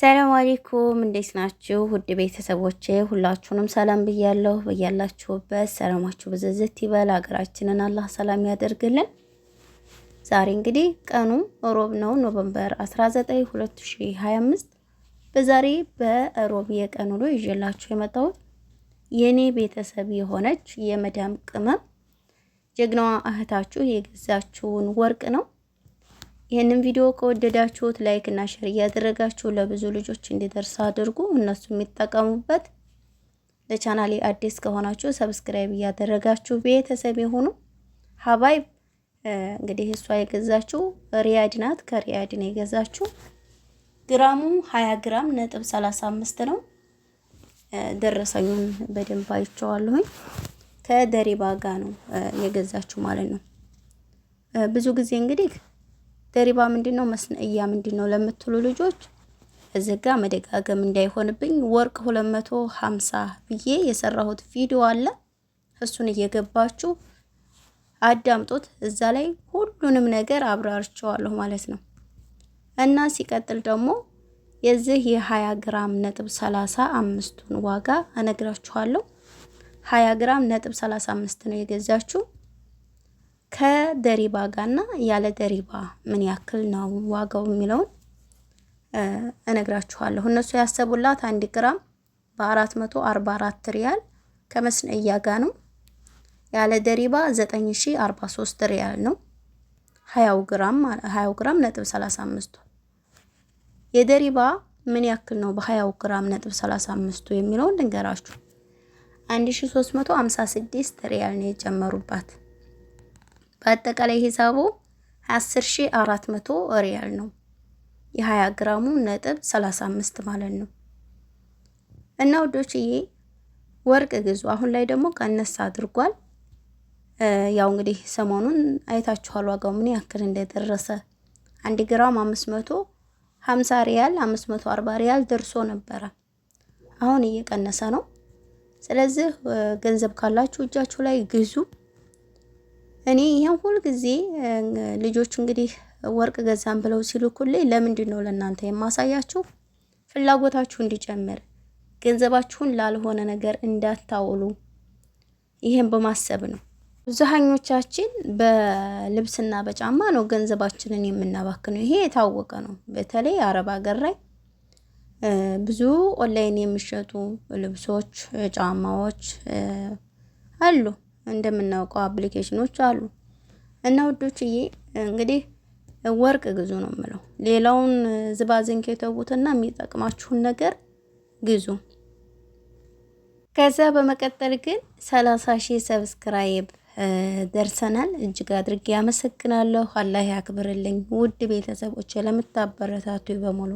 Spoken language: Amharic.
ሰላም አለይኩም እንዴት ናችሁ? ውድ ቤተሰቦቼ ሁላችሁንም ሰላም ብያለሁ። በያላችሁበት ሰላማችሁ ብዝዝት ይበል። ሀገራችንን አላህ ሰላም ያደርግልን። ዛሬ እንግዲህ ቀኑ ሮብ ነው፣ ኖቨምበር 19 2025። በዛሬ በሮብ የቀን ውሎ ይዤላችሁ የመጣሁት የኔ ቤተሰብ የሆነች የመዳም ቅመም ጀግናዋ እህታችሁ የገዛችውን ወርቅ ነው ይህንን ቪዲዮ ከወደዳችሁት ላይክ እና ሼር እያደረጋችሁ ለብዙ ልጆች እንዲደርስ አድርጉ፣ እነሱ የሚጠቀሙበት። ለቻናሌ አዲስ ከሆናችሁ ሰብስክራይብ እያደረጋችሁ ቤተሰብ የሆኑ ሀባይ እንግዲህ እሷ የገዛችው ሪያድ ናት። ከሪያድ ነው የገዛችው። ግራሙ 20 ግራም ነጥብ 35 ነው። ደረሰኙን በደንብ አይቼዋለሁኝ። ከደሪባ ጋ ነው የገዛችው ማለት ነው። ብዙ ጊዜ እንግዲህ ደሪባ ምንድን ነው መስነእያ ምንድን ነው ለምትሉ ልጆች እዚህ ጋ መደጋገም እንዳይሆንብኝ ወርቅ 250 ብዬ የሰራሁት ቪዲዮ አለ። እሱን እየገባችሁ አዳምጦት እዛ ላይ ሁሉንም ነገር አብራርቸዋለሁ ማለት ነው። እና ሲቀጥል ደግሞ የዚህ የ20 ግራም ነጥብ 35ቱን ዋጋ እነግራችኋለሁ። 20 ግራም ነጥብ 35 ነው የገዛችሁ ከደሪባ ጋር እና ያለ ደሪባ ምን ያክል ነው ዋጋው የሚለውን እነግራችኋለሁ። እነሱ ያሰቡላት አንድ ግራም በ444 ሪያል ከመስነያ ጋ ነው። ያለ ደሪባ 9043 ሪያል ነው። 20 ግራም 20 ግራም ነጥብ 35 የደሪባ ምን ያክል ነው በ20 ግራም ነጥብ 35 የሚለውን ልንገራችሁ። 1356 ሪያል ነው የጨመሩባት። በአጠቃላይ ሂሳቡ 10400 ሪያል ነው። የ20 ግራሙ ነጥብ 35 ማለት ነው። እና ውዶችዬ ወርቅ ግዙ። አሁን ላይ ደግሞ ቀነስ አድርጓል። ያው እንግዲህ ሰሞኑን አይታችኋል ዋጋው ምን ያክል እንደደረሰ አንድ ግራም 550 ሪያል 540 ሪያል ደርሶ ነበረ። አሁን እየቀነሰ ነው። ስለዚህ ገንዘብ ካላችሁ እጃችሁ ላይ ግዙ። እኔ ይህን ሁል ጊዜ ልጆቹ እንግዲህ ወርቅ ገዛን ብለው ሲልኩልኝ ለምንድን ነው ለእናንተ የማሳያችሁ? ፍላጎታችሁ እንዲጨምር ገንዘባችሁን ላልሆነ ነገር እንዳታውሉ፣ ይህን በማሰብ ነው። አብዛኞቻችን በልብስና በጫማ ነው ገንዘባችንን የምናባክነው። ይሄ የታወቀ ነው። በተለይ አረብ ሀገር ላይ ብዙ ኦንላይን የሚሸጡ ልብሶች፣ ጫማዎች አሉ። እንደምናውቀው አፕሊኬሽኖች አሉ እና ውዶችዬ እንግዲህ ወርቅ ግዙ ነው የምለው። ሌላውን ዝባዝንክ የተውትና የሚጠቅማችሁን ነገር ግዙ። ከዛ በመቀጠል ግን 30 ሺህ ሰብስክራይብ ደርሰናል። እጅግ አድርጌ አመሰግናለሁ። አላህ ያክብርልኝ። ውድ ቤተሰቦች ለምታበረታቱ በሙሉ